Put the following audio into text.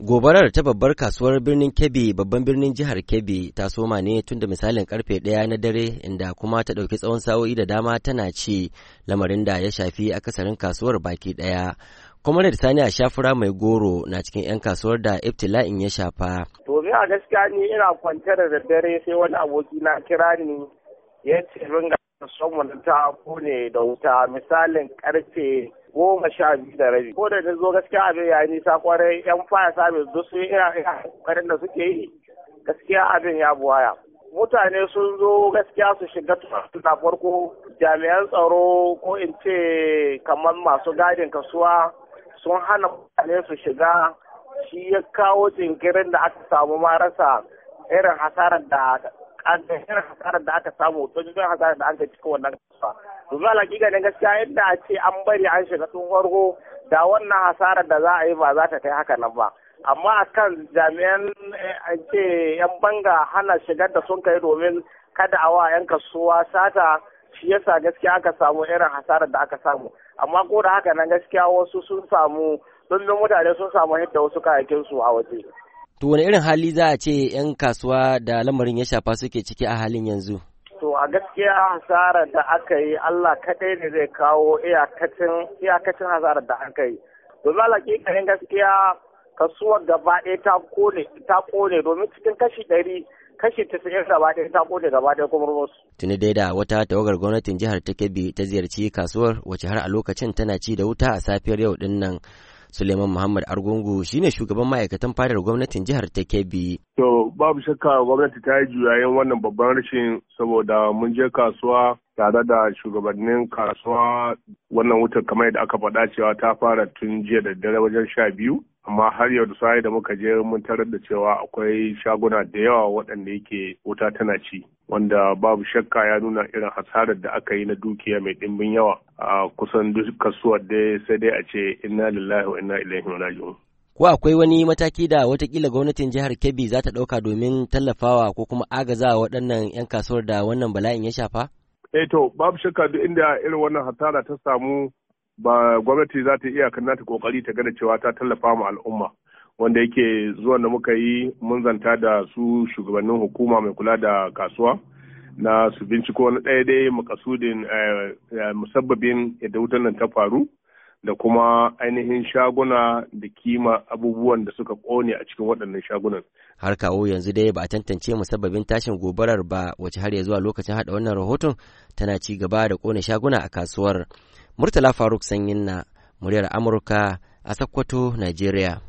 Gobarar ta babbar kasuwar birnin Kebbi babban birnin jihar Kebbi ta soma ne tun da misalin karfe ɗaya na dare inda kuma ta ɗauki tsawon sa'o'i da dama tana ci lamarin da ya shafi akasarin kasuwar baki ɗaya. Kwamanar Sani a shafura mai goro na cikin 'yan kasuwar da ibtila'in ya shafa. To a gaskiya ni ina kwantar da daddare sai wani aboki na kira ni ya ce ringa son ta kone da wuta misalin karfe goma sha biyu da rabi ko da ta zo gaskiya abin ya nisa kwarai yan faya sabis duk sun iya kokarin da suke yi gaskiya abin ya buwaya mutane sun zo gaskiya su shiga na farko jami'an tsaro ko in ce kamar masu gadin kasuwa sun hana mutane su shiga shi ya kawo jinkirin da aka samu marasa irin hasarar da an gajiyar hasarar da aka samu to hasarar da an ga cikin wannan kasuwa domin alaƙiƙa ne gaskiya yadda a ce an bari an shiga tun farko da wannan hasarar da za a yi ba za ta kai haka nan ba amma akan jami'an eh, an ce yan banga hana shigar da sun kai domin kada a wa yan kasuwa sata shi yasa gaskiya aka samu irin hasarar da aka samu amma ko da haka nan gaskiya wasu sun samu don mutane sun samu yadda wasu kayakin su a waje To wani irin hali za a ce 'yan kasuwa da lamarin ya shafa suke ciki a halin yanzu? To a gaskiya hasarar da aka yi Allah kaɗai ne zai kawo iyakacin hasarar da aka yi. Domin alaƙiƙanin gaskiya kasuwar gaba ɗaya ta ƙone domin cikin kashi ɗari kashi tasa'in gaba ɗaya ta ƙone gaba ɗaya kuma rumus. Tuni dai da wata tawagar gwamnatin jihar ta ta ziyarci kasuwar wacce har a lokacin tana ci da wuta a safiyar yau ɗin nan. Suleiman Muhammad Argungu shine shugaban ma'aikatan fadar gwamnatin jihar ta Kebbi. To babu shakka gwamnati ta yi juyayen wannan babban rashin saboda mun je kasuwa tare da shugabannin kasuwa wannan wutar kamar yadda aka faɗa cewa ta fara tun jiya da dare wajen sha biyu amma har yau da sai da muka je mun tarar da cewa akwai shaguna da yawa waɗanda yake wuta tana ci wanda babu shakka ya nuna irin hasarar da aka yi na dukiya mai ɗimbin yawa a kusan duk kasuwar da sai dai a ce inna lillahi wa inna ilaihi raji'un ko akwai wani mataki da watakila gwamnatin jihar Kebbi za ta ɗauka domin tallafawa ko kuma agaza waɗannan 'yan kasuwar da wannan bala'in ya shafa? Eh to babu shakka duk inda irin wannan hasara ta samu ba gwamnati za ta iya ta kokari ta gane cewa ta tallafa ma al'umma wanda yake zuwan da muka yi mun zanta da su shugabannin hukuma mai kula da kasuwa na su binciko wani ɗaya dai makasudin eh, eh, musabbabin yadda wutar nan ta faru da kuma ainihin shaguna da kima abubuwan da suka ƙone a cikin waɗannan shagunan. Har kawo yanzu dai ba a tantance musabbabin tashin gobarar ba wace har ya zuwa lokacin haɗa wannan rahoton tana ci gaba da ƙone shaguna a kasuwar. Murtala Faruk Sanyin na muryar Amurka a Sokoto, Najeriya.